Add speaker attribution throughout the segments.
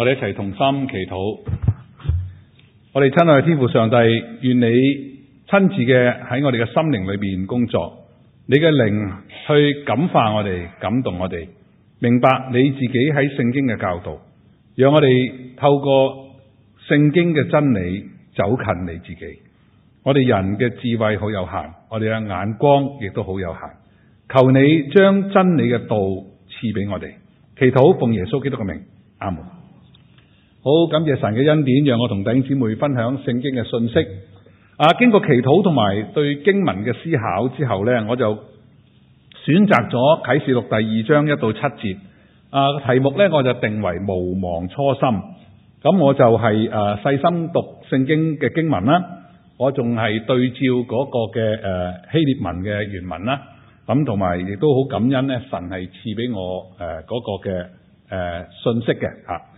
Speaker 1: 我哋一齊同心祈禱。我哋親愛嘅天父上帝，願你親自嘅喺我哋嘅心靈裏邊工作，你嘅靈去感化我哋，感動我哋，明白你自己喺聖經嘅教導，讓我哋透過聖經嘅真理走近你自己。我哋人嘅智慧好有限，我哋嘅眼光亦都好有限。求你將真理嘅道賜俾我哋。祈禱，奉耶穌基督嘅名，阿門。好，感謝神嘅恩典，讓我同弟兄姊妹分享聖經嘅信息。啊，經過祈禱同埋對經文嘅思考之後呢，我就選擇咗啟示錄第二章一到七節。啊，題目呢，我就定為毋忘初心。咁我就係、是、誒、啊、細心讀聖經嘅經文啦。我仲係對照嗰個嘅誒、呃、希臘文嘅原文啦。咁同埋亦都好感恩呢，神係賜俾我誒嗰個嘅誒信息嘅吓。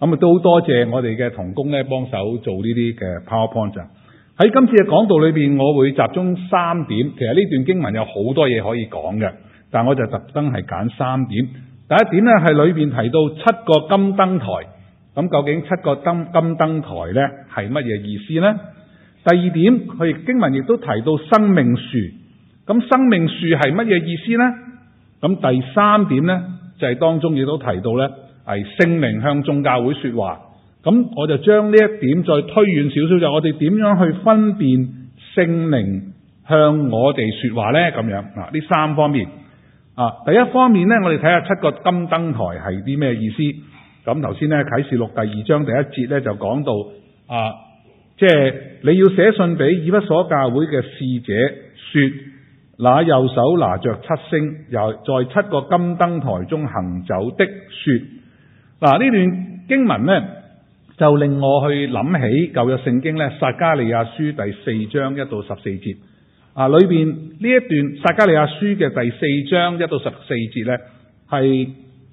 Speaker 1: 咁啊，都好多謝我哋嘅同工咧，幫手做呢啲嘅 PowerPoint。喺今次嘅講道裏邊，我會集中三點。其實呢段經文有好多嘢可以講嘅，但我就特登係揀三點。第一點咧係裏邊提到七個金燈台，咁究竟七個燈金燈台咧係乜嘢意思咧？第二點，佢經文亦都提到生命樹，咁生命樹係乜嘢意思咧？咁第三點咧就係當中亦都提到咧。係聖靈向眾教會說話，咁我就將呢一點再推遠少少就是，我哋點樣去分辨聖靈向我哋說話呢？咁樣嗱，呢三方面啊，第一方面呢，我哋睇下七個金燈台係啲咩意思。咁頭先呢，啟示錄第二章第一節呢，就講到啊，即係你要寫信俾以弗所教會嘅使者說那右手拿着七星又在七個金燈台中行走的說。嗱，呢段經文呢，就令我去諗起舊約聖經呢，撒加利亞書第四章一到十四節啊，裏邊呢一段撒加利亞書嘅第四章一到十四節呢，係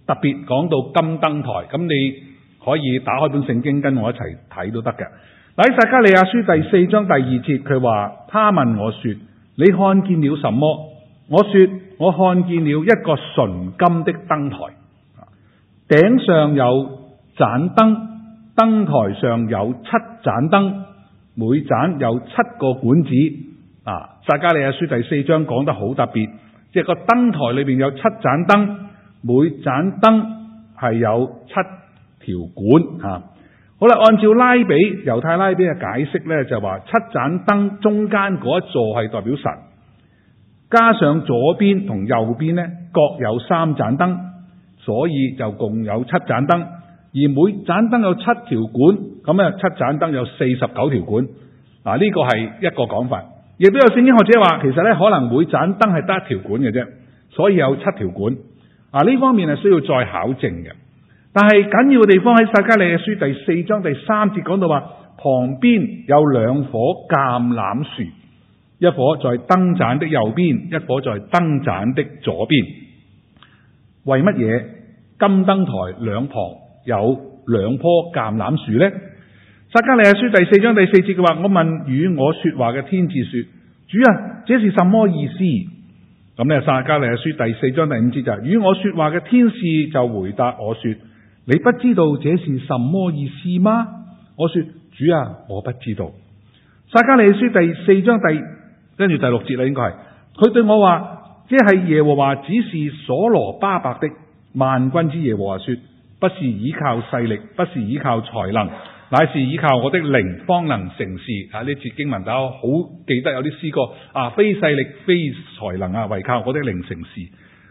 Speaker 1: 特別講到金燈台，咁你可以打開本聖經跟我一齊睇都得嘅。喺撒加利亞書第四章第二節，佢話：他問我說，你看見了什麼？我說，我看見了一個純金的燈台。頂上有盞燈，燈台上有七盞燈，每盞有七個管子。啊，撒迦利亞書第四章講得好特別，即係個燈台裏邊有七盞燈，每盞燈係有七條管。啊，好啦，按照拉比猶太拉比嘅解釋呢，就話七盞燈中間嗰一座係代表神，加上左邊同右邊呢各有三盞燈。所以就共有七盞燈，而每盞燈有七條管，咁咧七盞燈有四十九條管。啊，呢個係一個講法。亦都有聖經學者話，其實咧可能每盞燈係得一條管嘅啫，所以有七條管。啊，呢方面係需要再考證嘅。但係緊要嘅地方喺撒迦利亞書第四章第三節講到話，旁邊有兩棵橄欖樹，一棵在燈盞的右邊，一棵在燈盞的左邊。為乜嘢？金燈台兩旁有兩棵橄欖樹呢，撒加利亞書第四章第四節嘅話，我問與我說話嘅天使說：主啊，這是什麼意思？咁呢，撒、嗯、加利亞書第四章第五節就係、是、與我說話嘅天使就回答我說：你不知道這是什麼意思嗎？我說：主啊，我不知道。撒加利亞書第四章第跟住第六節啦，應該係佢對我話：即係耶和華指示所羅巴伯的。萬軍之耶和華說：不是倚靠勢力，不是倚靠才能，乃是倚靠我的靈方能成事。啊！呢次經文大家好記得有啲詩歌啊，非勢力，非才能啊，唯靠我的靈成事。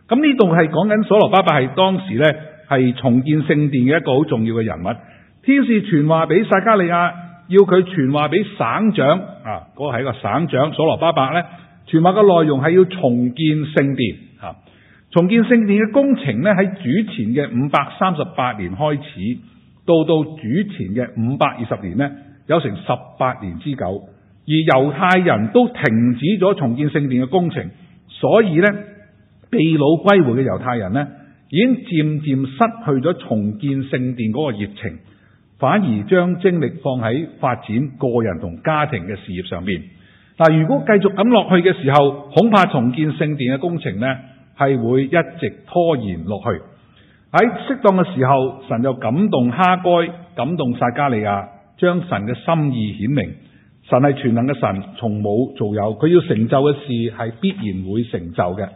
Speaker 1: 咁呢度係講緊所羅巴伯係當時呢係重建聖殿嘅一個好重要嘅人物。天使傳話俾撒迦利亞，要佢傳話俾省長啊，嗰、嗰個係一個省長。所羅巴伯呢傳話嘅內容係要重建聖殿啊。啊啊啊重建聖殿嘅工程呢，喺主前嘅五百三十八年開始，到到主前嘅五百二十年呢，有成十八年之久。而猶太人都停止咗重建聖殿嘅工程，所以呢，被擄歸回嘅猶太人呢，已經漸漸失去咗重建聖殿嗰個熱情，反而將精力放喺發展個人同家庭嘅事業上面。但如果繼續咁落去嘅時候，恐怕重建聖殿嘅工程呢。係會一直拖延落去。喺適當嘅時候，神就感動哈該，感動撒加利亞，將神嘅心意顯明。神係全能嘅神，從冇做有，佢要成就嘅事係必然會成就嘅。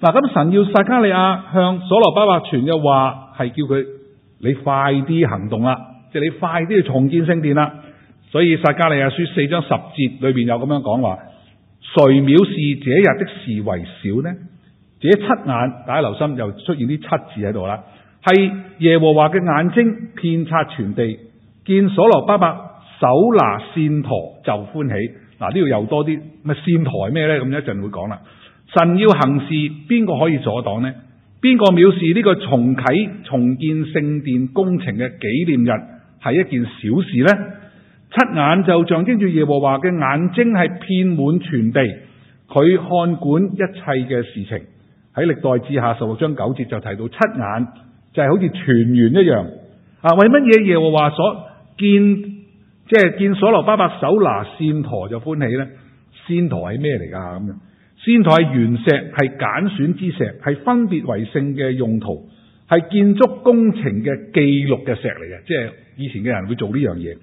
Speaker 1: 嗱、啊，咁神要撒加利亞向所羅巴伯傳話全嘅話係叫佢，你快啲行動啦，即、就、係、是、你快啲去重建聖殿啦。所以撒加利亞書四章十節裏邊有咁樣講話：誰藐視這日的事為小呢？這七眼，大家留心，又出現啲七字喺度啦。係耶和華嘅眼睛遍察全地，見所羅巴伯手拿線陀就歡喜。嗱、啊，呢度又多啲，咪線陀咩呢？咁一陣會講啦。神要行事，邊個可以阻擋呢？邊個藐視呢個重啓重建聖殿工程嘅紀念日係一件小事呢？七眼就象徵住耶和華嘅眼睛係遍滿全地，佢看管一切嘅事情。喺歷代志下十六章九節就提到七眼就係、是、好似全圓一樣啊！為乜嘢耶和華所見，即係見所羅巴伯手拿線陀，就歡喜呢？線陀係咩嚟噶？咁樣線陀係原石，係揀選之石，係分別為聖嘅用途，係建築工程嘅記錄嘅石嚟嘅，即係以前嘅人會做呢樣嘢。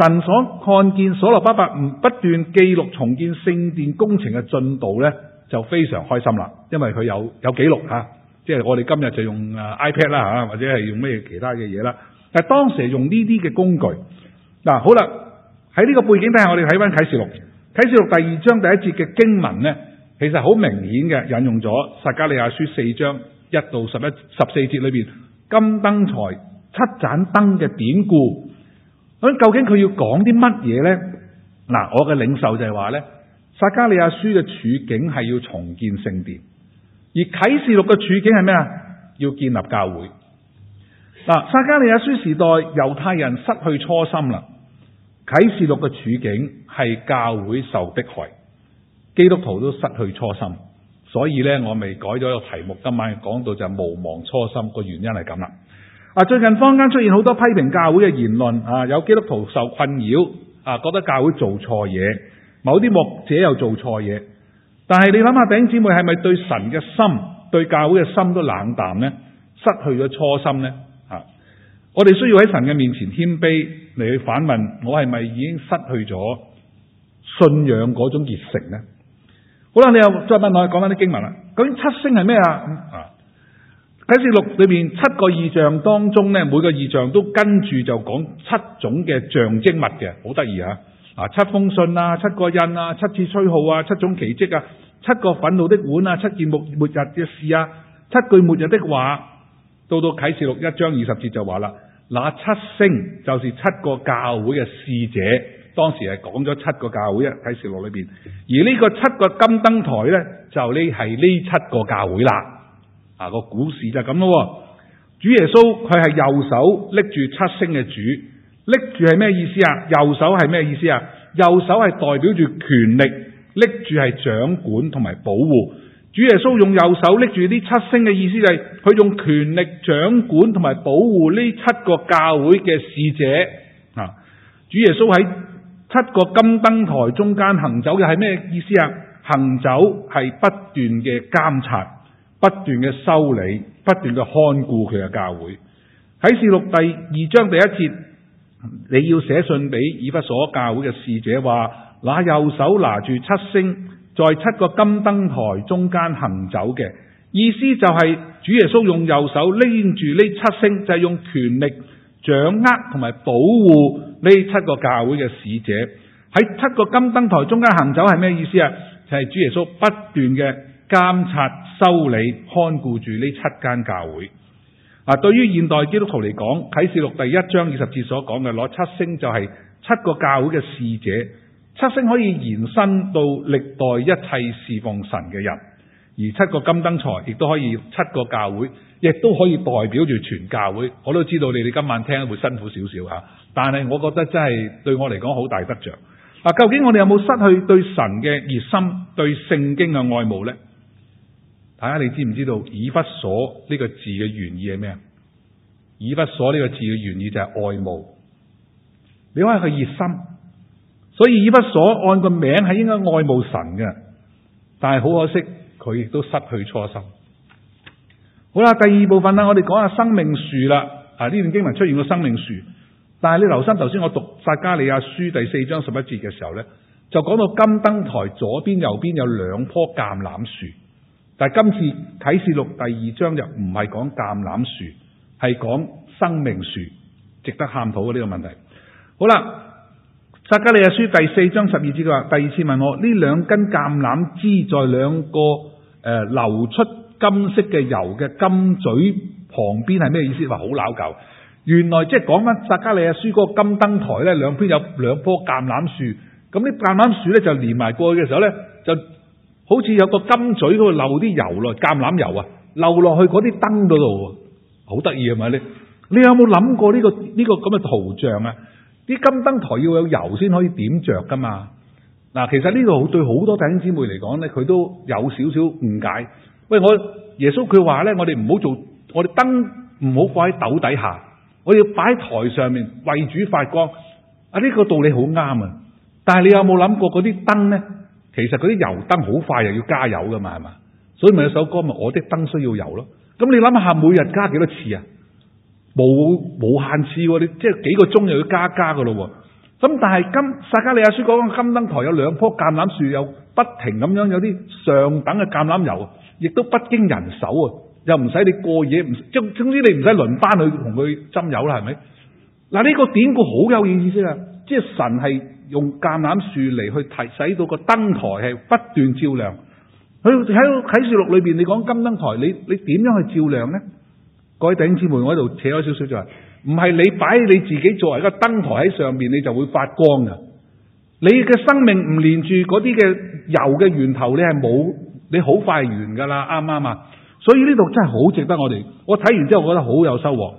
Speaker 1: 神所看見所羅巴伯唔不斷記錄重建聖殿工程嘅進度呢就非常開心啦，因為佢有有記錄嚇，即係我哋今日就用誒 iPad 啦嚇，或者係用咩其他嘅嘢啦。但當時係用呢啲嘅工具。嗱、啊、好啦，喺呢個背景底下我看看，我哋睇翻啟示錄，啟示錄第二章第一節嘅經文呢，其實好明顯嘅引用咗撒加利亞書四章一到十一十四節裏邊金燈台七盞燈嘅典故。咁究竟佢要講啲乜嘢呢？嗱、啊，我嘅領受就係話呢。撒迦利亞書嘅處境係要重建聖殿，而啟示錄嘅處境係咩啊？要建立教會。嗱，撒迦利亞書時代猶太人失去初心啦，啟示錄嘅處境係教會受迫害，基督徒都失去初心，所以呢，我未改咗個題目，今晚講到就毋忘初心，個原因係咁啦。啊，最近坊間出現好多批評教會嘅言論啊，有基督徒受困擾啊，覺得教會做錯嘢。某啲牧者又做錯嘢，但係你諗下，弟兄姊妹係咪對神嘅心、對教會嘅心都冷淡呢？失去咗初心呢？吓、啊，我哋需要喺神嘅面前謙卑嚟去反問：我係咪已經失去咗信仰嗰種熱誠呢？」好啦，你又再問我，講翻啲經文啦。咁七星係咩啊？啟示錄裏邊七個異象當中呢，每個異象都跟住就講七種嘅象徵物嘅，好得意吓。啊，七封信啊，七個印啊，七次吹號啊，七種奇蹟啊，七個憤怒的碗啊，七件末末日嘅事啊，七句末日的話，到到啟示錄一章二十節就話啦，嗱，七星就是七個教會嘅使者，當時係講咗七個教會啊，啟示錄裏邊，而呢個七個金燈台呢，就呢係呢七個教會啦，啊個故事就咁咯，主耶穌佢係右手拎住七星嘅主。拎住係咩意思啊？右手係咩意思啊？右手係代表住權力，拎住係掌管同埋保護。主耶穌用右手拎住呢七星嘅意思，就是，就係佢用權力掌管同埋保護呢七個教會嘅使者啊！主耶穌喺七個金燈台中間行走嘅係咩意思啊？行走係不斷嘅監察、不斷嘅修理、不斷嘅看顧佢嘅教會，喺《示錄》第二章第一節。你要寫信俾以弗所教會嘅使者話，那右手拿住七星，在七個金燈台中間行走嘅意思就係主耶穌用右手拎住呢七星，就係用權力掌握同埋保護呢七個教會嘅使者，喺七個金燈台中間行走係咩意思啊？就係主耶穌不斷嘅監察、修理、看顧住呢七間教會。嗱，對於現代基督徒嚟講，喺《啟示錄》第一章二十節所講嘅攞七星就係七個教會嘅使者，七星可以延伸到歷代一切侍奉神嘅人，而七個金燈台亦都可以七個教會，亦都可以代表住全教會。我都知道你哋今晚聽會辛苦少少吓，但係我覺得真係對我嚟講好大得著。嗱，究竟我哋有冇失去對神嘅熱心、對聖經嘅愛慕呢？大家你知唔知道以弗所呢個字嘅原意係咩啊？以弗所呢個字嘅原意就係、是、愛慕，你可以係熱心，所以以弗所按個名係應該愛慕神嘅，但係好可惜佢亦都失去初心。好啦，第二部分啦，我哋講下生命樹啦。啊，呢段經文出現個生命樹，但係你留心頭先我讀撒迦利亞書第四章十一節嘅時候呢，就講到金燈台左邊、右邊有兩棵橄欖樹。但今次啟示錄第二章就唔係講橄欖樹，係講生命樹，值得探討嘅呢、呢個問題。好啦，《撒迦利亞書》第四章十二節，佢話：第二次問我呢兩根橄欖枝在兩個誒、呃、流出金色嘅油嘅金嘴旁邊係咩意思？話好撈舊，原來即係講翻《撒迦利亞書》嗰個金燈台呢，兩邊有兩棵橄欖樹，咁啲橄欖樹呢，就連埋過去嘅時候呢，就。好似有個金嘴嗰度漏啲油落，橄欖油啊，漏落去嗰啲燈嗰度，好得意啊嘛！你你有冇諗過呢個呢個咁嘅圖像啊？啲金燈台要有油先可以點着噶嘛？嗱，其實呢度對好多弟兄姊妹嚟講呢，佢都有少少誤解。喂，我耶穌佢話呢，我哋唔好做，我哋燈唔好放喺斗底下，我要擺喺台上面為主發光。啊，呢個道理好啱啊！但係你有冇諗過嗰啲燈呢？其實嗰啲油燈好快又要加油噶嘛，係嘛？所以咪有首歌咪、就是、我啲燈需要油咯。咁你諗下，每日加幾多次啊？冇冇限次喎，即係幾個鐘又要加加噶咯喎。咁但係金撒迦利亞書講金燈台有兩棵橄欖樹，又不停咁樣有啲上等嘅橄欖油，亦都不經人手啊，又唔使你過夜，唔即係總之你唔使輪班去同佢斟油啦，係咪？嗱呢個典故好有意思啊，即係神係。用橄欖樹嚟，去提使到個燈台係不斷照亮。佢喺喺《樹錄》裏邊，你講金燈台，你你點樣去照亮呢？各位弟兄姊妹，我嗰度扯咗少少就話，唔係你擺你自己作為一個燈台喺上面，你就會發光噶。你嘅生命唔連住嗰啲嘅油嘅源頭你，你係冇你好快完噶啦。啱唔啱啊？所以呢度真係好值得我哋。我睇完之後覺得好有收穫。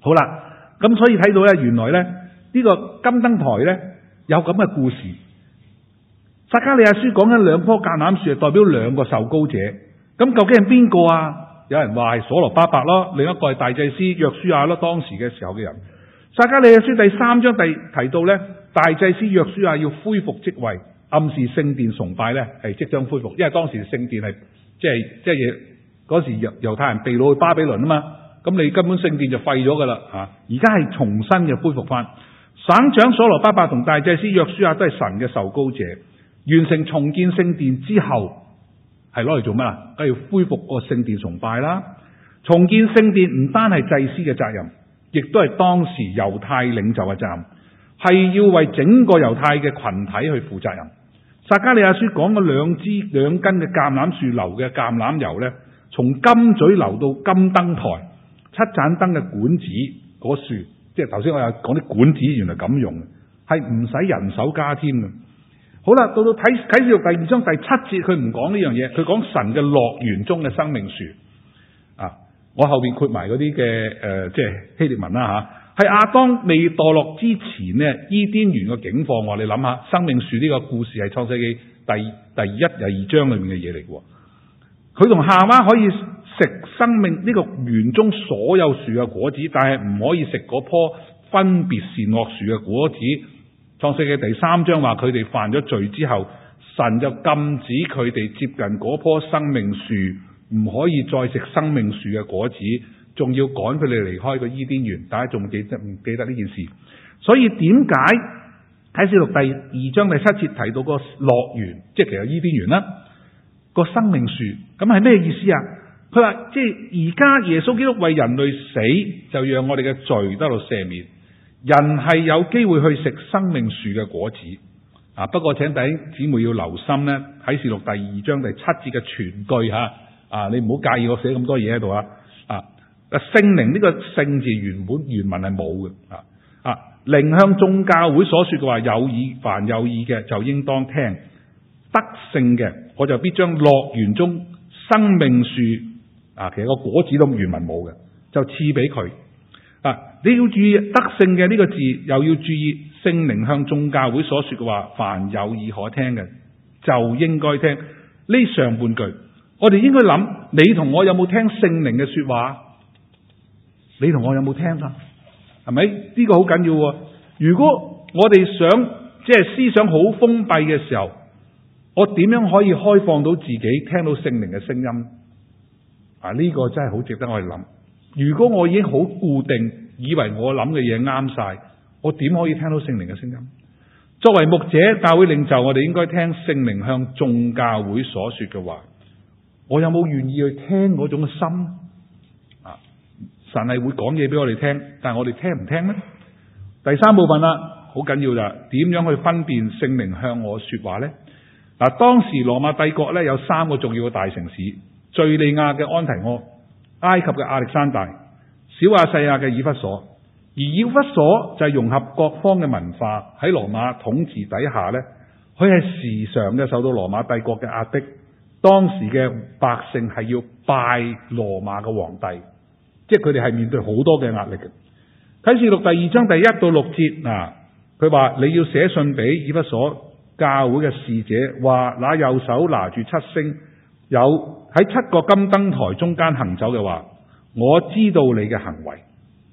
Speaker 1: 好啦，咁所以睇到呢，原來呢，呢、呢個金燈台呢。有咁嘅故事，撒加利亞書講緊兩棵橄欖樹，代表兩個受膏者。咁究竟係邊個啊？有人話係所羅巴伯咯，另一個係大祭司約書亞咯。當時嘅時候嘅人，撒加利亞書第三章第提到咧，大祭司約書亞要恢復職位，暗示聖殿崇拜咧係即將恢復。因為當時聖殿係即係即係嗰時猶猶太人被擄去巴比倫啊嘛，咁你根本聖殿就廢咗噶啦吓。而家係重新嘅恢復翻。省長所羅巴伯同大祭司約書亞都係神嘅受膏者，完成重建聖殿之後，係攞嚟做咩啊？梗係恢復個聖殿崇拜啦。重建聖殿唔單係祭司嘅責任，亦都係當時猶太領袖嘅責任，係要為整個猶太嘅群體去負責任。撒迦利亞書講嘅兩枝兩根嘅橄欖樹流嘅橄欖油呢，從金嘴流到金燈台七盞燈嘅管子嗰樹。那個樹即係頭先我又講啲管子原來咁用嘅，係唔使人手加添嘅。好啦，到到睇啟示錄第二章第七節，佢唔講呢樣嘢，佢講神嘅樂園中嘅生命樹。啊，我後邊括埋嗰啲嘅，誒，即係希臘文啦吓，係、啊、亞當未墮落之前呢，伊甸園嘅景況。你諗下，生命樹呢個故事係創世紀第第一、第二章裏面嘅嘢嚟嘅。佢同夏娃可以。食生命呢、這個園中所有樹嘅果子，但係唔可以食嗰棵分別善惡樹嘅果子。創世紀第三章話佢哋犯咗罪之後，神就禁止佢哋接近嗰棵生命樹，唔可以再食生命樹嘅果子，仲要趕佢哋離開個伊甸園。大家仲記得唔記得呢件事？所以點解喺啟示錄第二章第七節提到個樂園，即係其實伊甸園啦，那個生命樹咁係咩意思啊？佢話即係而家耶穌基督為人類死，就讓我哋嘅罪得到赦免。人係有機會去食生命樹嘅果子啊，不過請弟兄姊妹要留心呢，喺示錄第二章第七節嘅全句吓啊，你唔好介意我寫咁多嘢喺度啊啊！聖靈呢、這個聖字原本原文係冇嘅啊啊，另向眾教會所說嘅話，有耳凡有耳嘅就應當聽，得勝嘅我就必將樂園中生命樹。啊！其實個果子都原文冇嘅，就賜俾佢。啊！你要注意得勝嘅呢個字，又要注意聖靈向眾教會所說嘅話，凡有耳可聽嘅就應該聽。呢上半句，我哋應該諗：你同我有冇聽聖靈嘅說話？你同我有冇聽啊？係咪？呢個好緊要啊。如果我哋想即係思想好封閉嘅時候，我點樣可以開放到自己聽到聖靈嘅聲音？啊！呢個真係好值得我哋諗。如果我已經好固定，以為我諗嘅嘢啱晒，我點可以聽到聖靈嘅聲音？作為牧者、教會領袖，我哋應該聽聖靈向眾教會所說嘅話。我有冇願意去聽嗰種嘅心？啊！神係會講嘢俾我哋聽，但係我哋聽唔聽呢？第三部分啦，好緊要啦，點樣去分辨聖靈向我說話呢？嗱、啊，當時羅馬帝國呢，有三個重要嘅大城市。敘利亞嘅安提阿、埃及嘅亞歷山大、小亞細亞嘅以弗所，而以弗所就係融合各方嘅文化，喺羅馬統治底下咧，佢係時常嘅受到羅馬帝國嘅壓迫。當時嘅百姓係要拜羅馬嘅皇帝，即係佢哋係面對好多嘅壓力嘅。啟示錄第二章第一到六節嗱，佢話你要寫信俾以弗所教會嘅使者，話拿右手拿住七星，有喺七個金燈臺中間行走嘅話，我知道你嘅行為、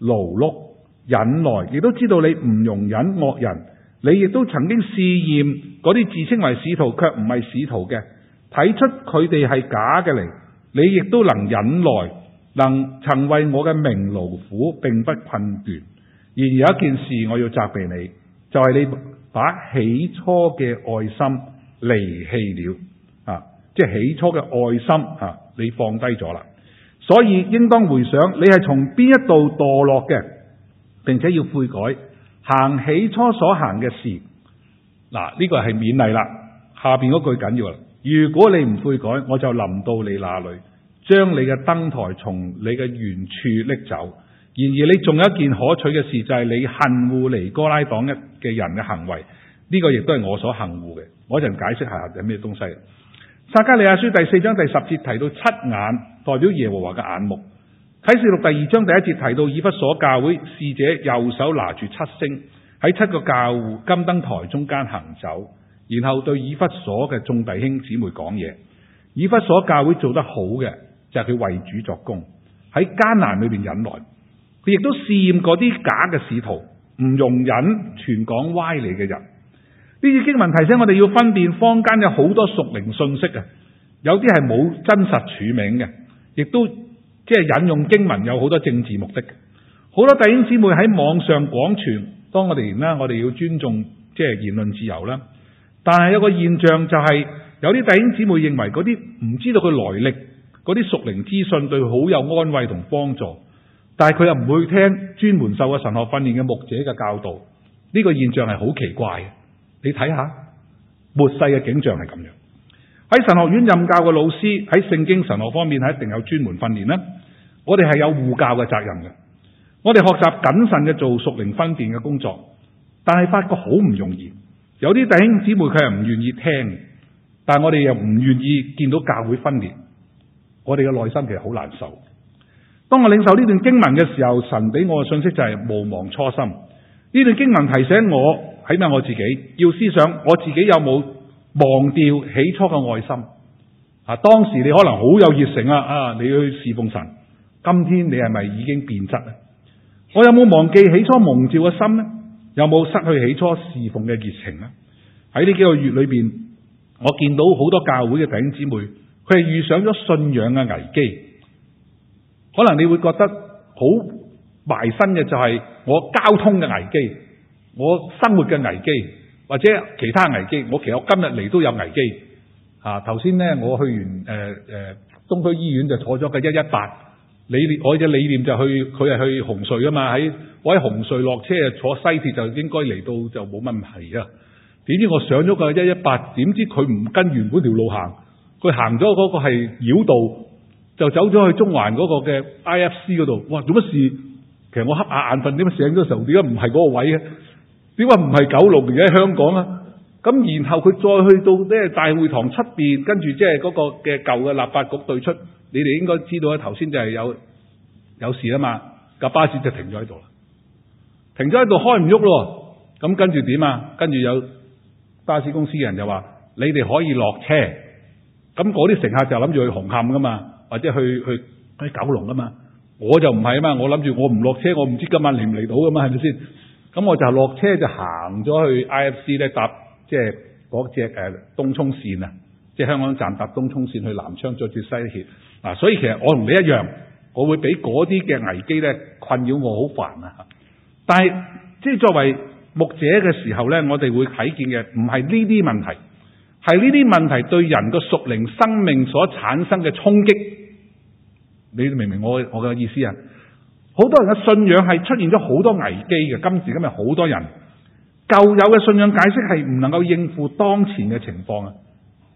Speaker 1: 勞碌、忍耐，亦都知道你唔容忍惡人。你亦都曾經試驗嗰啲自稱為使徒卻唔係使徒嘅，睇出佢哋係假嘅嚟。你亦都能忍耐，能曾為我嘅名勞苦，並不困倦。然而有一件事我要責備你，就係、是、你把起初嘅愛心離棄了。即起初嘅愛心嚇、啊，你放低咗啦，所以應當回想你係從邊一度墮落嘅，並且要悔改，行起初所行嘅事。嗱、啊，呢、這個係勉勵啦。下邊嗰句緊要啦。如果你唔悔改，我就臨到你那裡，將你嘅燈台從你嘅原處拎走。然而你仲有一件可取嘅事，就係、是、你恨惡尼哥拉黨一嘅人嘅行為，呢、這個亦都係我所恨惡嘅。我一陣解釋下係咩東西。撒迦利亞書第四章第十節提到七眼代表耶和華嘅眼目。啟示錄第二章第一節提到以弗所教會侍者右手拿住七星喺七個教會金燈台中間行走，然後對以弗所嘅眾弟兄姊妹講嘢。以弗所教會做得好嘅就係佢為主作工，喺艱難裏邊忍耐。佢亦都試驗嗰啲假嘅使徒，唔容忍傳講歪理嘅人。呢啲經文提醒我哋要分辨坊間有好多屬靈信息啊，有啲係冇真實署名嘅，亦都即係引用經文有好多政治目的。好多弟兄姊妹喺網上廣傳，當我哋啦，我哋要尊重即係言論自由啦。但係有個現象就係有啲弟兄姊妹認為嗰啲唔知道佢來歷嗰啲屬靈資訊對佢好有安慰同幫助，但係佢又唔會聽專門受過神學訓練嘅牧者嘅教導。呢、呢個現象係好奇怪。你睇下末世嘅景象係咁樣，喺神學院任教嘅老師喺聖經神學方面係一定有專門訓練啦。我哋係有護教嘅責任嘅，我哋學習謹慎嘅做屬靈分辨嘅工作，但係發覺好唔容易。有啲弟兄姊妹佢係唔願意聽，但係我哋又唔願意見到教會分裂，我哋嘅內心其實好難受。當我領受呢段經文嘅時候，神俾我嘅信息就係毋忘初心。呢段經文提醒我。睇下我自己，要思想我自己有冇忘掉起初嘅愛心？啊，當時你可能好有熱誠啊，啊，你去侍奉神。今天你係咪已經變質咧？我有冇忘記起初蒙召嘅心咧？有冇失去起初侍奉嘅熱情咧？喺呢幾個月裏邊，我見到好多教會嘅弟兄姊妹，佢係遇上咗信仰嘅危機。可能你會覺得好埋身嘅就係我交通嘅危機。我生活嘅危機，或者其他危機，我其實我今日嚟都有危機嚇。頭先咧，我去完誒誒、呃呃、東區醫院就坐咗個一一八，理我嘅理念就去，佢係去紅隧啊嘛。喺我喺紅隧落車，坐西鐵就應該嚟到就冇乜問題啊。點知我上咗個一一八，點知佢唔跟原本條路行，佢行咗嗰個係繞道，就走咗去中環嗰個嘅 I F C 嗰度。哇，做乜事？其實我瞌眼眼瞓，點解醒咗嘅時候點解唔係嗰個位嘅？點解唔係九龍而喺香港啊？咁然後佢再去到即係大會堂出邊，跟住即係嗰個嘅舊嘅立法局對出，你哋應該知道啊。頭先就係有有事啊嘛，架巴士就停咗喺度啦，停咗喺度開唔喐咯。咁跟住點啊？跟住有巴士公司人就話：你哋可以落車。咁嗰啲乘客就諗住去紅磡噶嘛，或者去去去九龍噶嘛。我就唔係啊嘛，我諗住我唔落車，我唔知今晚嚟唔嚟到噶嘛，係咪先？咁我就落車就行咗去 IFC 咧搭，即係嗰隻誒東涌線啊，即係香港站搭東涌線去南昌，再轉西鐵。嗱、啊，所以其實我同你一樣，我會俾嗰啲嘅危機咧困擾我好煩啊！但係即係作為牧者嘅時候咧，我哋會睇見嘅唔係呢啲問題，係呢啲問題對人個屬靈生命所產生嘅衝擊。你明唔明我我嘅意思啊？好多人嘅信仰係出現咗好多危機嘅，今時今日好多人舊有嘅信仰解釋係唔能夠應付當前嘅情況啊，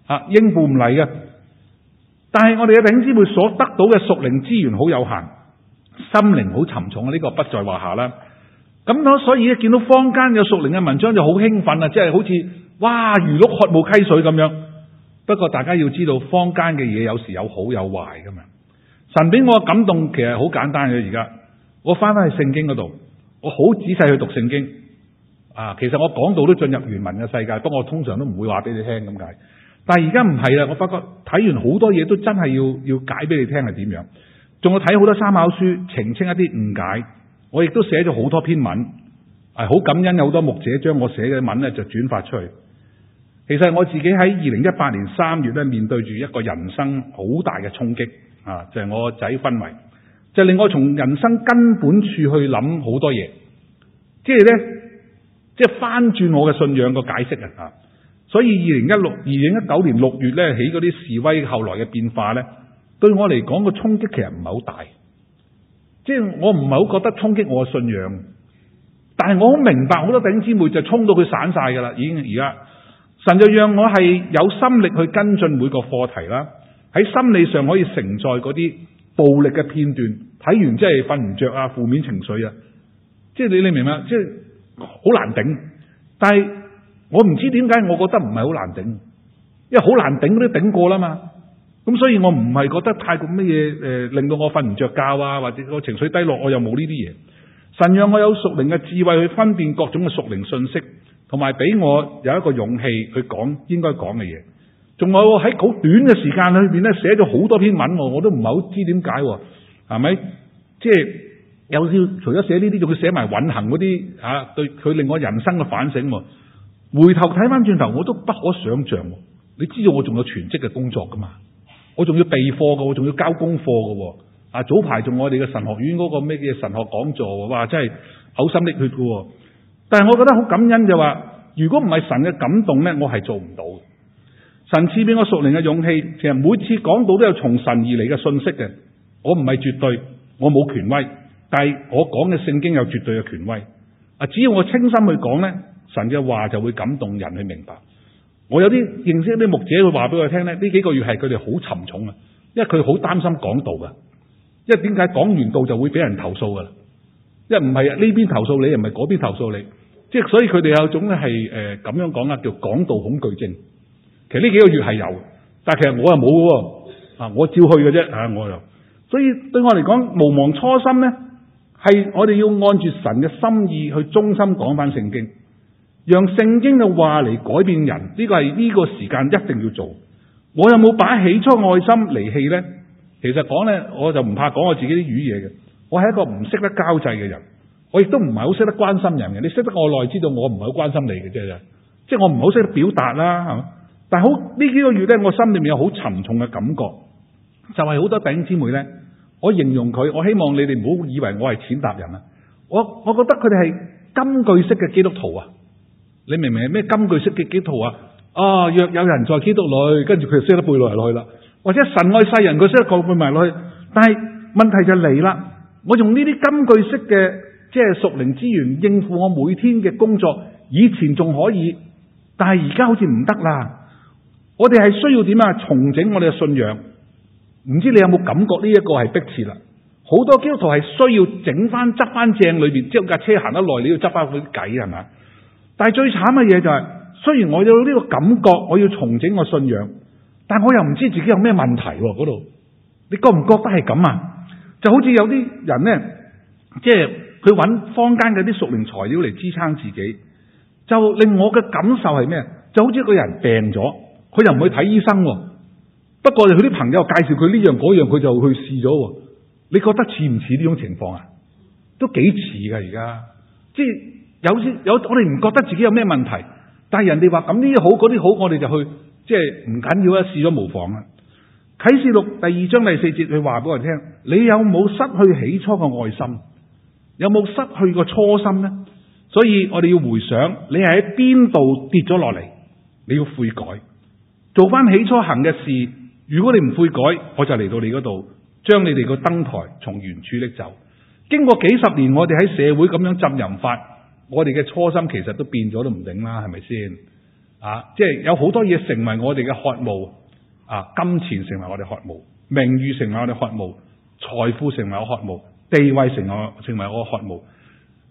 Speaker 1: 啊應付唔嚟嘅。但係我哋嘅頂知會所得到嘅屬靈資源好有限，心靈好沉重啊，呢個不在話下啦。咁樣，所以一見到坊間有屬靈嘅文章就好興奮啊，即係好似哇如鹿渴慕溪水咁樣。不過大家要知道坊間嘅嘢有時有好有壞噶嘛。神俾我嘅感動其實好簡單嘅而家。我翻翻去聖經嗰度，我好仔細去讀聖經啊！其實我講到都進入原文嘅世界，不過我通常都唔會話俾你聽咁解。但係而家唔係啦，我發覺睇完好多嘢都真係要要解俾你聽係點樣。仲要睇好多參考書，澄清一啲誤解。我亦都寫咗好多篇文，係、啊、好感恩有好多牧者將我寫嘅文咧就轉發出去。其實我自己喺二零一八年三月咧面對住一個人生好大嘅衝擊啊，就係、是、我仔昏迷。就令我從人生根本處去諗好多嘢，即係咧，即係翻轉我嘅信仰個解釋啊！所以二零一六、二零一九年六月咧起嗰啲示威，後來嘅變化咧，對我嚟講個衝擊其實唔係好大，即係我唔係好覺得衝擊我嘅信仰，但係我好明白好多頂姊妹就衝到佢散晒噶啦，已經而家神就讓我係有心力去跟進每個課題啦，喺心理上可以承載嗰啲。暴力嘅片段睇完真係瞓唔着啊，負面情緒啊，即係你你明唔明啊，即係好難頂。但係我唔知點解，我覺得唔係好難頂，因為好難頂嗰啲頂過啦嘛。咁所以我唔係覺得太過乜嘢誒，令到我瞓唔着覺啊，或者個情緒低落，我又冇呢啲嘢。神讓我有屬靈嘅智慧去分辨各種嘅屬靈信息，同埋俾我有一個勇氣去講應該講嘅嘢。仲有喺好短嘅時間裏邊咧，寫咗好多篇文，我都唔係好知點解喎，係咪？即係有少除咗寫呢啲，仲要寫埋運行嗰啲啊，對佢令我人生嘅反省。啊，回頭睇翻轉頭，我都不可想象。你知道我仲有全職嘅工作噶嘛？我仲要備課噶，我仲要交功課噶。啊，早排仲我哋嘅神學院嗰個咩嘅神學講座，哇，真係嘔心瀝血噶，啊。但係我覺得好感恩就話，如果唔係神嘅感動咧，我係做唔到。神賜俾我屬靈嘅勇氣，其實每次講道都有從神而嚟嘅信息嘅。我唔係絕對，我冇權威，但係我講嘅聖經有絕對嘅權威。啊，只要我清心去講呢，神嘅話就會感動人去明白。我有啲認識一啲牧者，佢話俾我聽咧，呢幾個月係佢哋好沉重啊，因為佢好擔心講道噶，因為點解講完道就會俾人投訴噶啦？因為唔係呢邊投訴你，又唔係嗰邊投訴你，即係所以佢哋有種咧係誒咁樣講啊，叫講道恐懼症。其實呢幾個月係有，但係其實我又冇喎。啊，我照去嘅啫。啊，我又所以對我嚟講，毋忘初心咧，係我哋要按住神嘅心意去忠心講返聖經，讓聖經嘅話嚟改變人。呢個係呢個時間一定要做。我有冇把起初愛心離棄咧？其實講咧，我就唔怕講我自己啲魚嘢嘅。我係一個唔識得交際嘅人，我亦都唔係好識得關心人嘅。你識得我耐，知道我唔係好關心你嘅啫。即係我唔係好識得表達啦，係嘛？但好呢幾個月咧，我心裏面有好沉重嘅感覺，就係、是、好多弟兄姊妹咧，我形容佢，我希望你哋唔好以為我係踐踏人啊，我我覺得佢哋係金句式嘅基督徒啊，你明唔明係咩金句式嘅基督徒啊？啊、哦、若有人在基督裏，跟住佢就識得背落嚟，落去啦，或者神愛世人，佢識得講背埋落去，但係問題就嚟啦，我用呢啲金句式嘅即係屬靈資源應付我每天嘅工作，以前仲可以，但係而家好似唔得啦。我哋係需要點啊？重整我哋嘅信仰，唔知你有冇感覺呢？一個係逼切啦，好多基督徒係需要整翻執翻正裏邊，即係架車行得耐，你要執翻佢啲計係嘛？但係最慘嘅嘢就係、是，雖然我有呢個感覺，我要重整我信仰，但我又唔知自己有咩問題嗰、啊、度。你覺唔覺得係咁啊？就好似有啲人咧，即係佢搵坊間嘅啲熟練材料嚟支撐自己，就令我嘅感受係咩？就好似一個人病咗。佢又唔去睇醫生，啊，不過佢啲朋友介紹佢呢樣嗰樣，佢就去試咗，啊。你覺得似唔似呢種情況啊？都幾似噶，而家即係有時有我哋唔覺得自己有咩問題，但係人哋話咁呢啲好，嗰啲好，我哋就去即係唔緊要啦，試咗無妨啦。啟示錄第二章第四節，佢話俾我聽：「你有冇失去起初嘅愛心？有冇失去個初心呢？」所以我哋要回想你係喺邊度跌咗落嚟，你要悔改。做翻起初行嘅事，如果你唔悔改，我就嚟到你嗰度，將你哋個燈台從原處拎走。經過幾十年，我哋喺社會咁樣浸淫法，我哋嘅初心其實都變咗都唔定啦，係咪先？啊，即係有好多嘢，成為我哋嘅渴慕啊，金錢成為我哋渴慕，名譽成為我哋渴慕，財富成為我渴慕，地位成為我成為我渴慕。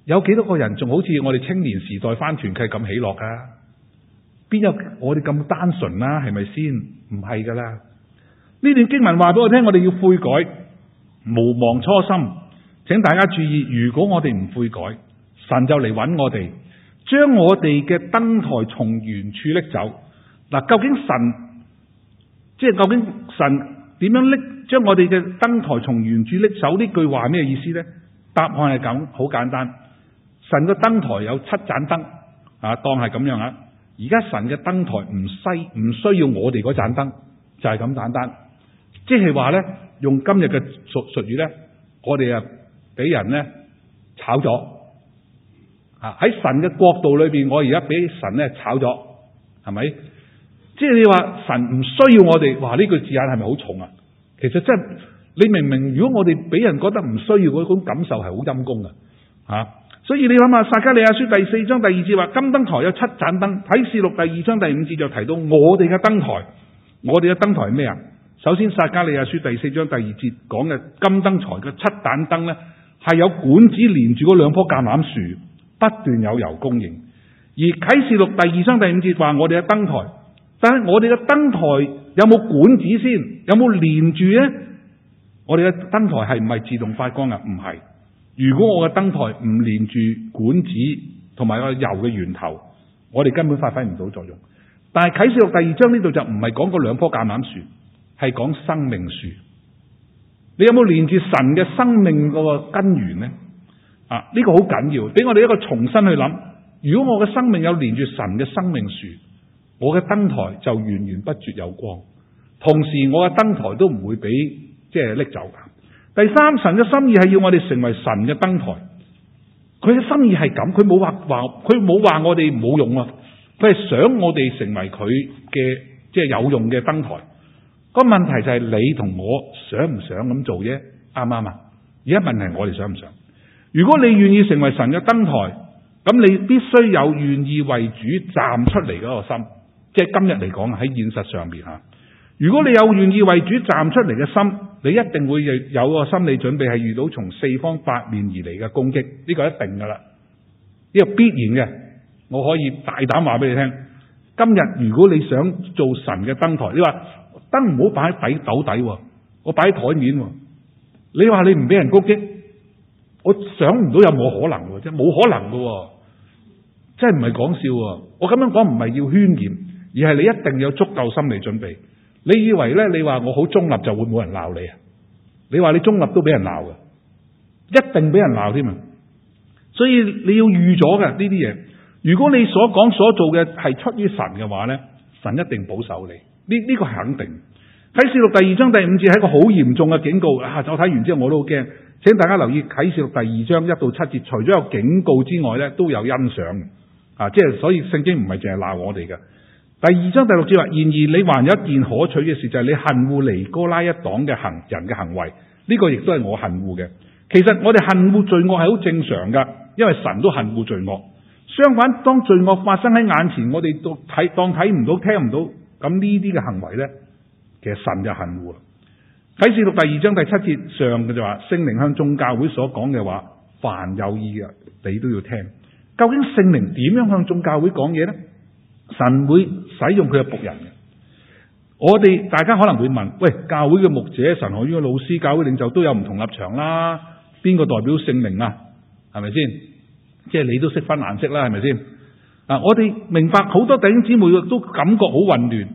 Speaker 1: 有幾多個人仲好似我哋青年時代翻團契咁起落噶？邊有我哋咁單純啦、啊？係咪先？唔係噶啦。呢段經文話俾我聽，我哋要悔改，無忘初心。請大家注意，如果我哋唔悔改，神就嚟搵我哋，將我哋嘅燈台從原處拎走。嗱、啊，究竟神即係究竟神點樣拎將我哋嘅燈台從原處拎走？呢句話咩意思呢？答案係咁，好簡單。神個燈台有七盞燈，啊，當係咁樣啊。而家神嘅燈台唔需唔需要我哋嗰盞燈，就係、是、咁簡單。即係話咧，用今日嘅術術語咧，我哋啊俾人咧炒咗。吓，喺神嘅國度裏邊，我而家俾神咧炒咗，係咪？即係你話神唔需要我哋，話呢句字眼係咪好重啊？其實真、就是，你明明如果我哋俾人覺得唔需要嗰種感受陰功，係好陰功嘅，吓。所以你諗下，撒迦利亞書第四章第二節話金燈臺有七盞燈，啟示錄第二章第五節就提到我哋嘅燈臺，我哋嘅燈臺係咩啊？首先，撒迦利亞書第四章第二節講嘅金燈臺嘅七盞燈呢係有管子連住嗰兩棵橄欖樹，不斷有油供應。而啟示錄第二章第五節話我哋嘅燈臺，但係我哋嘅燈臺有冇管子先？有冇連住呢？我哋嘅燈臺係唔係自動發光啊？唔係。如果我嘅燈台唔連住管子同埋個油嘅源頭，我哋根本發揮唔到作用。但係啟示錄第二章呢度就唔係講嗰兩棵橄欖樹，係講生命樹。你有冇連住神嘅生命嗰個根源呢？啊，呢個好緊要，俾我哋一個重新去諗。如果我嘅生命有連住神嘅生命樹，我嘅燈台就源源不絕有光，同時我嘅燈台都唔會俾即係拎走。第三，神嘅心意係要我哋成為神嘅燈台。佢嘅心意係咁，佢冇話話，佢冇話我哋冇用啊！佢係想我哋成為佢嘅，即係有用嘅燈台。個問題就係你同我想唔想咁做啫？啱唔啱啊？而家問題我哋想唔想？如果你願意成為神嘅燈台，咁你必須有願意為主站出嚟嗰個心。即係今日嚟講喺現實上邊啊！如果你有願意為主站出嚟嘅心。你一定會有個心理準備，係遇到從四方八面而嚟嘅攻擊，呢個一定噶啦，呢個必然嘅。我可以大膽話俾你聽，今日如果你想做神嘅燈台，你話燈唔好擺喺底斗底，我擺喺台面。你話你唔俾人攻擊，我想唔到有冇可能，即冇可能噶，即係唔係講笑。我咁樣講唔係要渲染，而係你一定要有足夠心理準備。你以為咧？你話我好中立就會冇人鬧你啊？你話你中立都俾人鬧嘅，一定俾人鬧添啊！所以你要預咗嘅呢啲嘢。如果你所講所做嘅係出於神嘅話咧，神一定保守你。呢呢個肯定喺《啟示錄》第二章第五節係一個好嚴重嘅警告啊！我睇完之後我都好驚，請大家留意《啟示錄》第二章一到七節，除咗有警告之外咧，都有欣賞啊！即係所以聖經唔係淨係鬧我哋噶。第二章第六節話，然而你還有一件可取嘅事，就係、是、你恨惡尼哥拉一黨嘅行人嘅行為，呢、這個亦都係我恨惡嘅。其實我哋恨惡罪惡係好正常噶，因為神都恨惡罪惡。相反，當罪惡發生喺眼前，我哋都睇當睇唔到、聽唔到，咁呢啲嘅行為呢，其實神就恨惡。睇《啟示錄》第二章第七節上嘅就話，聖靈向眾教會所講嘅話，凡有耳嘅，你都要聽。究竟聖靈點樣向眾教會講嘢呢？神會使用佢嘅僕人嘅。我哋大家可能會問，喂，教會嘅牧者、神學院嘅老師、教會領袖都有唔同立場啦。邊個代表聖靈啊？係咪先？即係你都識分顏色啦，係咪先？啊，我哋明白好多弟兄姊妹都感覺好混亂。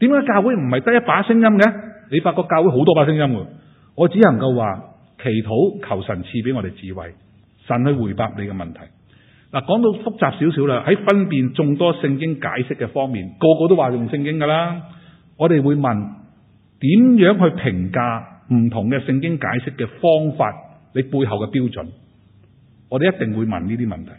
Speaker 1: 點解教會唔係得一把聲音嘅？你發覺教會好多把聲音嘅。我只能夠話祈禱求，求神賜俾我哋智慧，神去回答你嘅問題。嗱，講到複雜少少啦。喺分辨眾多聖經解釋嘅方面，個個都話用聖經㗎啦。我哋會問點樣去評價唔同嘅聖經解釋嘅方法？你背後嘅標準，我哋一定會問呢啲問題。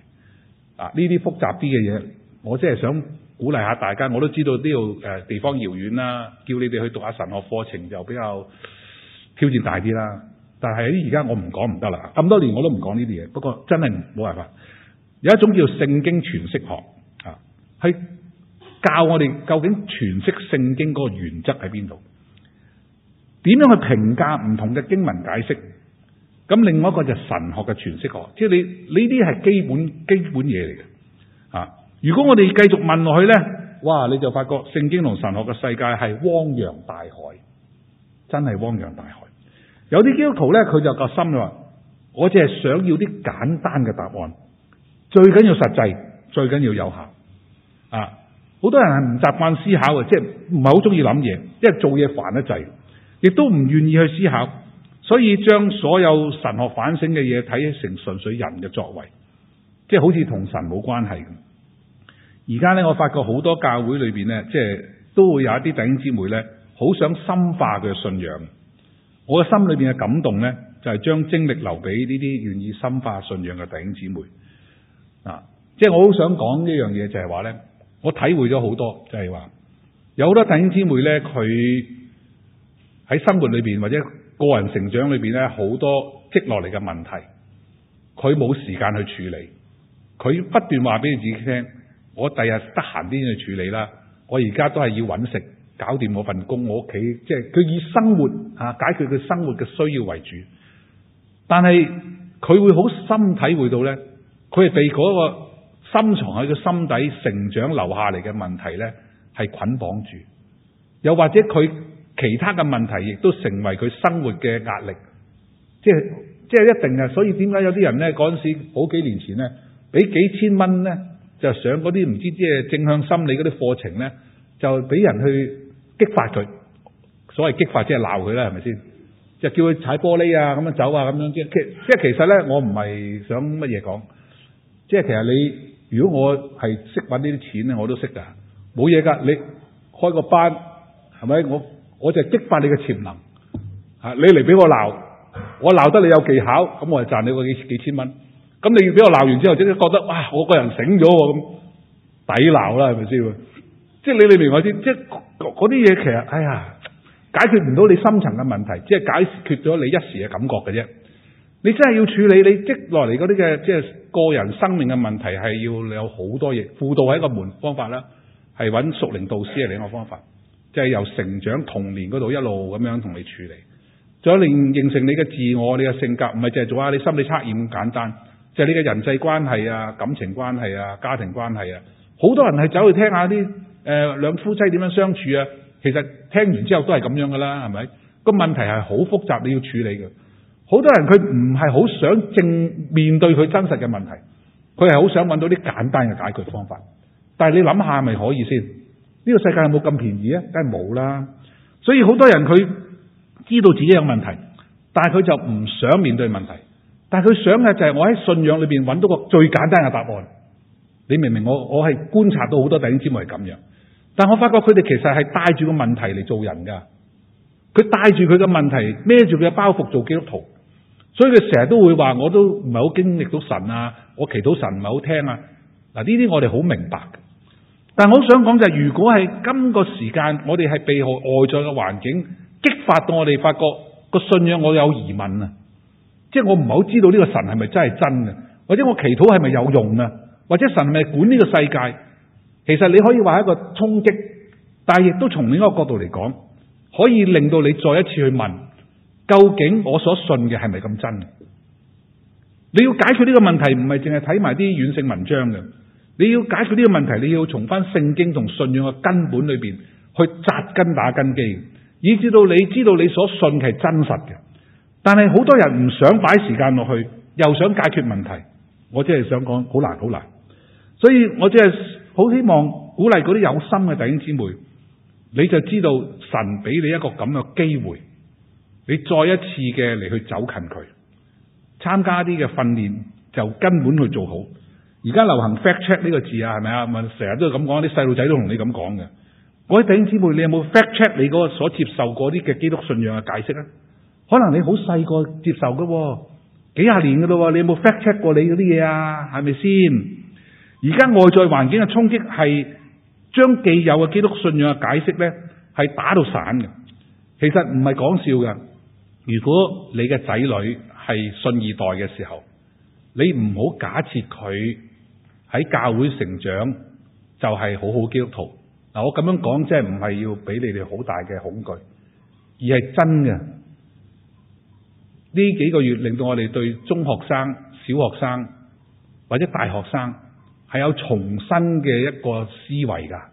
Speaker 1: 啊，呢啲複雜啲嘅嘢，我真係想鼓勵下大家。我都知道呢度誒地方遙遠啦，叫你哋去讀下神學課程就比較挑戰大啲啦。但係而家我唔講唔得啦，咁多年我都唔講呢啲嘢，不過真係冇辦法。有一種叫聖經詮釋學，啊，係教我哋究竟詮釋聖經嗰個原則喺邊度？點樣去評價唔同嘅經文解釋？咁另外一個就係神學嘅詮釋學，即係你呢啲係基本基本嘢嚟嘅。啊，如果我哋繼續問落去咧，哇，你就發覺聖經同神學嘅世界係汪洋大海，真係汪洋大海。有啲基督徒咧，佢就個心就話：我只係想要啲簡單嘅答案。最緊要實際，最緊要有效啊！好多人係唔習慣思考嘅，即係唔係好中意諗嘢，因為做嘢煩得滯，亦都唔願意去思考，所以將所有神學反省嘅嘢睇成純粹人嘅作為，即係好似同神冇關係。而家呢，我發覺好多教會裏邊呢，即係都會有一啲弟兄姊妹呢，好想深化佢嘅信仰。我嘅心裏邊嘅感動呢，就係將精力留俾呢啲願意深化信仰嘅弟兄姊妹。啊！即係我好想講呢樣嘢，就係話咧，我體會咗好多，就係話有好多弟兄姊妹咧，佢喺生活裏邊或者個人成長裏邊咧，好多積落嚟嘅問題，佢冇時間去處理，佢不斷話俾你自己聽，我第日得閒先去處理啦。我而家都係要揾食，搞掂我份工，我屋企，即係佢以生活啊解決佢生活嘅需要為主。但係佢會好深體會到咧。佢係被嗰個深藏喺個心底成長留下嚟嘅問題咧，係捆綁住。又或者佢其他嘅問題，亦都成為佢生活嘅壓力。即係即係一定呀。所以點解有啲人咧，嗰陣時好幾年前咧，俾幾千蚊咧，就上嗰啲唔知即係正向心理嗰啲課程咧，就俾人去激發佢。所謂激發即係鬧佢啦，係咪先？就叫佢踩玻璃啊，咁樣走啊，咁樣即係即係其實咧，我唔係想乜嘢講。即係其實你，如果我係識揾呢啲錢咧，我都識㗎，冇嘢㗎。你開個班係咪？我我就激發你嘅潛能嚇。你嚟俾我鬧，我鬧得你有技巧，咁我就賺你個幾幾千蚊。咁你要俾我鬧完之後，即係覺得哇，我個人醒咗喎咁，抵鬧啦係咪先？即係、就是、你你明白啲？即係嗰啲嘢其實，哎呀，解決唔到你深層嘅問題，即係解決咗你一時嘅感覺嘅啫。你真係要處理你積落嚟嗰啲嘅，即係個人生命嘅問題，係要有好多嘢輔導係一個門方法啦，係揾熟齡導師係另一個方法，即係由成長童年嗰度一路咁樣同你處理，仲有令形成你嘅自我、你嘅性格，唔係淨係做下你心理測驗咁簡單，就係你嘅人際關係啊、感情關係啊、家庭關係啊，好多人係走去聽下啲誒兩夫妻點樣相處啊，其實聽完之後都係咁樣噶啦，係咪？個問題係好複雜，你要處理嘅。好多人佢唔係好想正面對佢真實嘅問題，佢係好想揾到啲簡單嘅解決方法。但係你諗下，係咪可以先？呢個世界有冇咁便宜啊？梗係冇啦。所以好多人佢知道自己有問題，但係佢就唔想面對問題，但係佢想嘅就係我喺信仰裏邊揾到個最簡單嘅答案。你明唔明我？我我係觀察到好多弟兄姊妹係咁樣，但我發覺佢哋其實係帶住個問題嚟做人噶，佢帶住佢嘅問題孭住佢嘅包袱做基督徒。所以佢成日都會話，我都唔係好經歷到神啊，我祈禱神唔係好聽啊。嗱呢啲我哋好明白嘅，但係我想講就係，如果係今個時間，我哋係被外在嘅環境激發到，我哋發覺個信仰我有疑問啊，即係我唔係好知道呢個神係咪真係真嘅，或者我祈禱係咪有用啊，或者神係咪管呢個世界？其實你可以話一個衝擊，但係亦都從另一個角度嚟講，可以令到你再一次去問。究竟我所信嘅係咪咁真？你要解決呢個問題，唔係淨係睇埋啲軟性文章嘅。你要解決呢個問題，你要從翻聖經同信仰嘅根本裏邊去紮根打根基，以至到你知道你所信係真實嘅。但係好多人唔想擺時間落去，又想解決問題。我真係想講，好難好難。所以我真係好希望鼓勵嗰啲有心嘅弟兄姊妹，你就知道神俾你一個咁嘅機會。你再一次嘅嚟去走近佢，參加啲嘅訓練就根本去做好。而家流行 fact check 呢個字啊，係咪啊？咪成日都係咁講，啲細路仔都同你咁講嘅。我啲弟兄姊妹，你有冇 fact check 你嗰個所接受過啲嘅基督信仰嘅解釋啊？可能你好細個接受嘅喎，幾十年嘅咯喎，你有冇 fact check 過你嗰啲嘢啊？係咪先？而家外在環境嘅衝擊係將既有嘅基督信仰嘅解釋咧，係打到散嘅。其實唔係講笑嘅。如果你嘅仔女係信二代嘅時候，你唔好假設佢喺教會成長就係好好基督徒。嗱，我咁樣講即係唔係要俾你哋好大嘅恐懼，而係真嘅。呢幾個月令到我哋對中學生、小學生或者大學生係有重新嘅一個思維噶，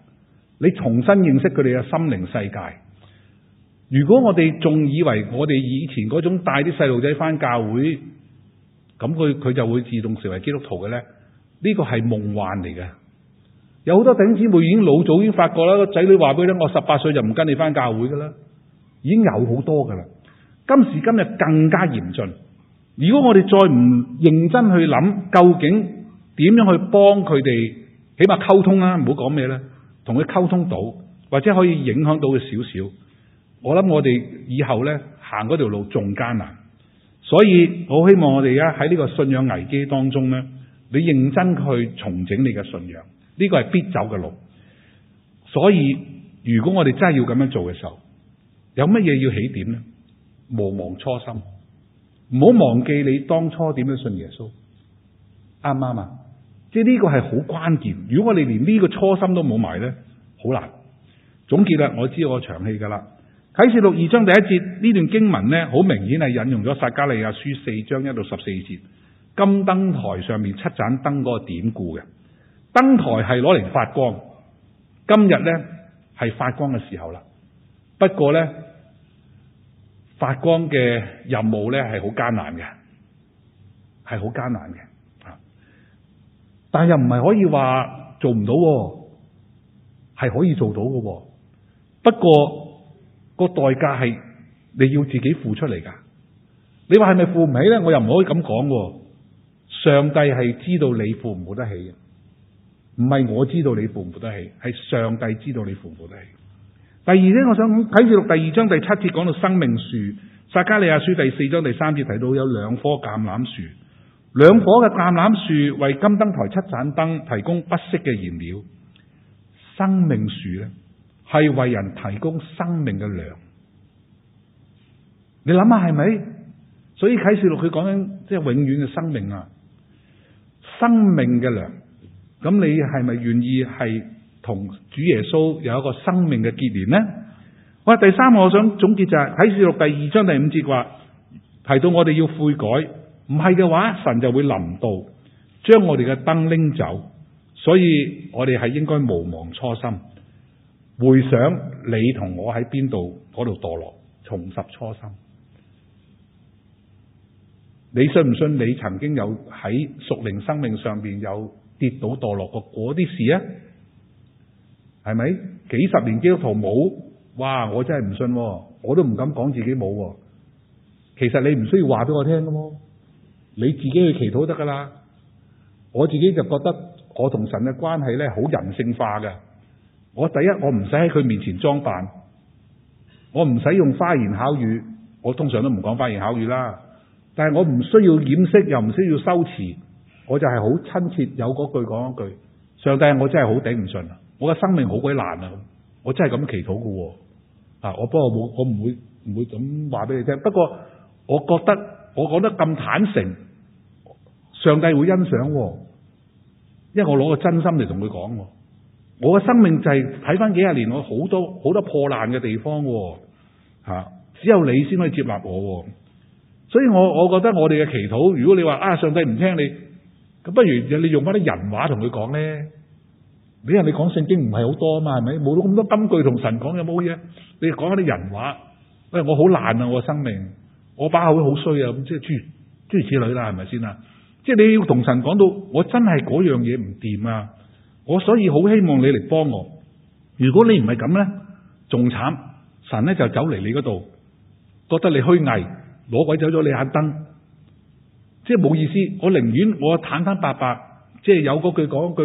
Speaker 1: 你重新認識佢哋嘅心靈世界。如果我哋仲以為我哋以前嗰種帶啲細路仔翻教會，咁佢佢就會自動成為基督徒嘅呢？呢、呢個係夢幻嚟嘅。有好多弟兄姊妹已經老早已經發覺啦，個仔女話俾佢聽，我十八歲就唔跟你翻教會噶啦，已經有好多噶啦。今時今日更加嚴峻。如果我哋再唔認真去諗，究竟點樣去幫佢哋？起碼溝通啦、啊，唔好講咩呢，同佢溝通到，或者可以影響到佢少少。我諗我哋以後咧行嗰條路仲艱難，所以我希望我哋而家喺呢個信仰危機當中咧，你認真去重整你嘅信仰，呢個係必走嘅路。所以如果我哋真係要咁樣做嘅時候，有乜嘢要起點咧？毋忘初心，唔好忘記你當初點樣信耶穌，啱唔啱啊？即係呢個係好關鍵。如果你連呢個初心都冇埋咧，好難總結啦。我知道我長氣噶啦。喺啟示錄二章第一節呢段經文呢，好明顯係引用咗撒加利亞書四章一到十四節金燈台上面七盞燈嗰個典故，嘅燈台係攞嚟發光，今日呢係發光嘅時候啦。不過呢，發光嘅任務呢係好艱難嘅，係好艱難嘅。但又唔係可以話做唔到，係可以做到嘅。不過。個代價係你要自己付出嚟噶，你話係咪付唔起呢？我又唔可以咁講喎。上帝係知道你付唔付得起嘅，唔係我知道你付唔付得起，係上帝知道你付唔付得起。第二呢，我想睇住第二章第七節講到生命樹，撒加利亞書第四章第三節提到有兩棵橄欖樹，兩棵嘅橄欖樹為金燈台七盞燈提供不息嘅燃料，生命樹呢？係為人提供生命嘅糧，你諗下係咪？所以啟示錄佢講緊即係永遠嘅生命啊，生命嘅糧。咁你係咪願意係同主耶穌有一個生命嘅結連呢？我話第三我想總結就係啟示錄第二章第五節話提到，我哋要悔改，唔係嘅話神就會臨到，將我哋嘅燈拎走。所以我哋係應該毋忘初心。回想你同我喺邊度嗰度墮落，重拾初心。你信唔信？你曾經有喺屬靈生命上邊有跌倒墮落過嗰啲事啊？係咪？幾十年基督徒冇？哇！我真係唔信啊，我都唔敢講自己冇啊。其實你唔需要話俾我聽噶，你自己去祈禱得噶啦。我自己就覺得我同神嘅關係咧，好人性化嘅。我第一，我唔使喺佢面前裝扮，我唔使用，用花言巧語，我通常都唔講花言巧語啦。但係我唔需要掩飾，又唔需要修辭，我就係好親切。有嗰句講一句，上帝，我我，我真係好頂唔順啊，我嘅生命好鬼難啊！我真係咁祈禱嘅喎。啊，我不過我冇我唔會唔會咁話俾你聽，不過我覺得我講得咁坦誠，上帝會欣賞，因為我攞個真心嚟，同佢講。我嘅生命就係睇翻幾廿年，我好多好多破爛嘅地方喎，吓，只有你先可以接納我，所以我我覺得我哋嘅祈禱，如果你話啊上帝唔聽你，咁不如你用翻啲人話同佢講咧，你人你講聖經唔係好多啊嘛，係咪？冇到咁多金句同神講有冇嘢？你講翻啲人話，喂我好爛啊我嘅生命，我把口好衰啊，咁即係諸諸，諸如此類啦，係咪先啊？即係你要同神講到我真係嗰樣嘢唔掂啊！我所以好希望你嚟幫我。如果你唔係咁呢，仲慘。神咧就走嚟你嗰度，覺得你虛偽，攞鬼走咗你盞燈，即係冇意思。我寧願我坦坦白白，即係有句講句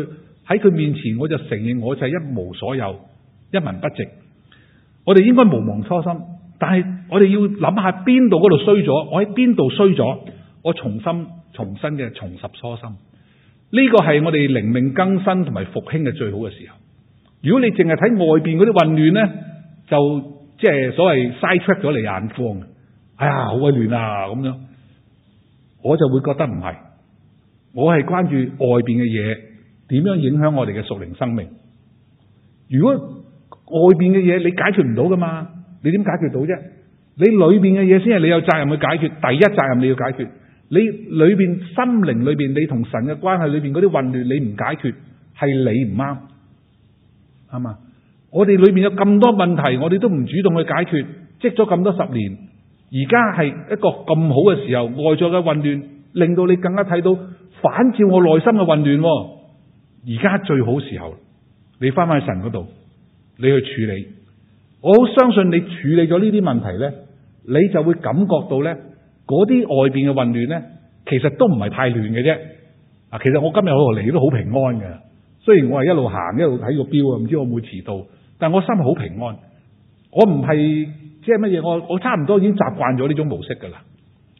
Speaker 1: 喺佢面前，我就承認我就一無所有，一文不值。我哋應該毋忘初心，但係我哋要諗下邊度嗰度衰咗，我喺邊度衰咗，我重新重新嘅重拾初心。呢個係我哋靈命更新同埋復興嘅最好嘅時候。如果你淨係睇外邊嗰啲混亂呢，就即係所謂嘥出咗你眼框。哎呀，好鬼亂啊咁樣，我就會覺得唔係。我係關注外邊嘅嘢點樣影響我哋嘅屬靈生命。如果外邊嘅嘢你解決唔到噶嘛，你點解決到啫？你裏邊嘅嘢先係你有責任去解決。第一責任你要解決。你裏邊心靈裏邊，你同神嘅關係裏邊嗰啲混亂你唔解決係你唔啱，係咪？我哋裏邊有咁多問題，我哋都唔主動去解決，積咗咁多十年，而家係一個咁好嘅時候，外在嘅混亂令到你更加睇到反照我內心嘅混亂。而家最好時候，你翻返去神嗰度，你去處理。我好相信你處理咗呢啲問題呢，你就會感覺到呢。嗰啲外邊嘅混亂呢，其實都唔係太亂嘅啫。啊，其實我今日喺度嚟都好平安嘅。雖然我係一路行一路睇個表啊，唔知我會唔會遲到，但我心係好平安。我唔係即係乜嘢，我我差唔多已經習慣咗呢種模式㗎啦。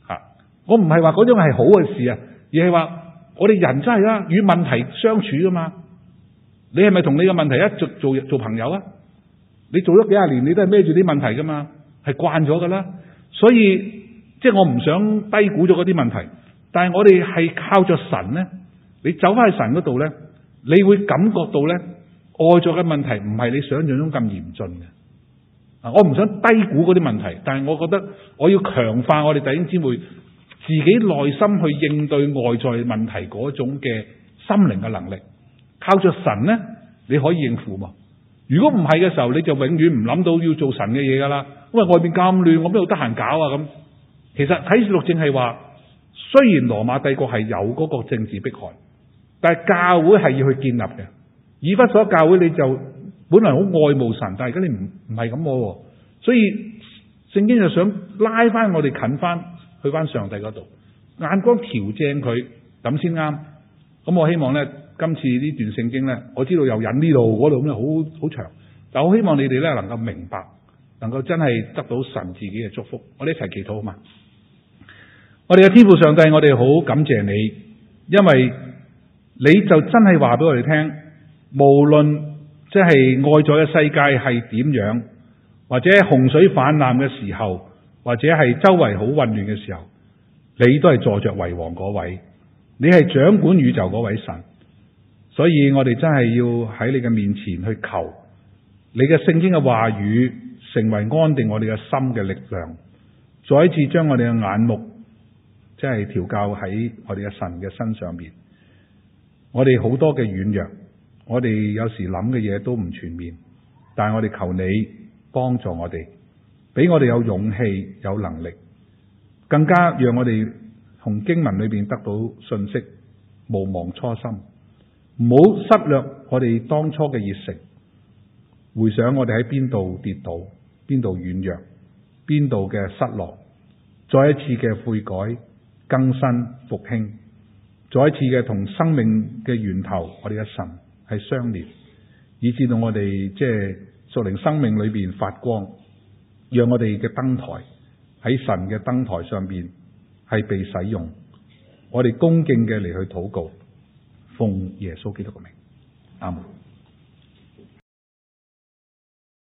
Speaker 1: 嚇，我唔係話嗰種係好嘅事啊，而係話我哋人真係啦，與問題相處㗎嘛。你係咪同你嘅問題一直做做做朋友啊？你做咗幾廿年，你都係孭住啲問題㗎嘛，係慣咗㗎啦，所以。即係我唔想低估咗嗰啲問題，但係我哋係靠著神呢，你走翻去神嗰度呢，你會感覺到呢，外在嘅問題唔係你想象中咁嚴峻嘅。啊，我唔想低估嗰啲問題，但係我覺得我要強化我哋弟兄姊妹自己內心去應對外在問題嗰種嘅心靈嘅能力。靠著神呢，你可以應付嘛。如果唔係嘅時候，你就永遠唔諗到要做神嘅嘢㗎啦。因為外邊咁亂，我邊度得閒搞啊咁。其實喺錄正係話，雖然羅馬帝國係有嗰個政治迫害，但係教會係要去建立嘅。以弗所教會你就本來好愛慕神，但係而家你唔唔係咁喎，所以聖經就想拉翻我哋近翻去翻上帝嗰度，眼光調正佢咁先啱。咁我希望呢，今次呢段聖經呢，我知道又引呢度嗰度咁樣好好長，但我希望你哋呢，能夠明白，能夠真係得到神自己嘅祝福。我哋一齊祈禱好嘛？我哋嘅天父，上帝，我哋好感謝你，因為你就真係話俾我哋聽，無論即係外在嘅世界係點樣，或者洪水泛濫嘅時候，或者係周圍好混亂嘅時候，你都係坐着為王嗰位，你係掌管宇宙嗰位神，所以我哋真係要喺你嘅面前去求你嘅聖經嘅話語，成為安定我哋嘅心嘅力量，再一次將我哋嘅眼目。即係調教喺我哋嘅神嘅身上面。我哋好多嘅軟弱，我哋有時諗嘅嘢都唔全面，但係我哋求你幫助我哋，俾我哋有勇氣、有能力，更加讓我哋從經文裏邊得到信息，毋忘初心，唔好失略我哋當初嘅熱誠。回想我哋喺邊度跌倒，邊度軟弱，邊度嘅失落，再一次嘅悔改。更新復興，再一次嘅同生命嘅源頭，我哋嘅神係相連，以至到我哋即係屬靈生命裏邊發光，讓我哋嘅燈台喺神嘅燈台上邊係被使用，我哋恭敬嘅嚟去禱告，奉耶穌基督嘅名，阿門。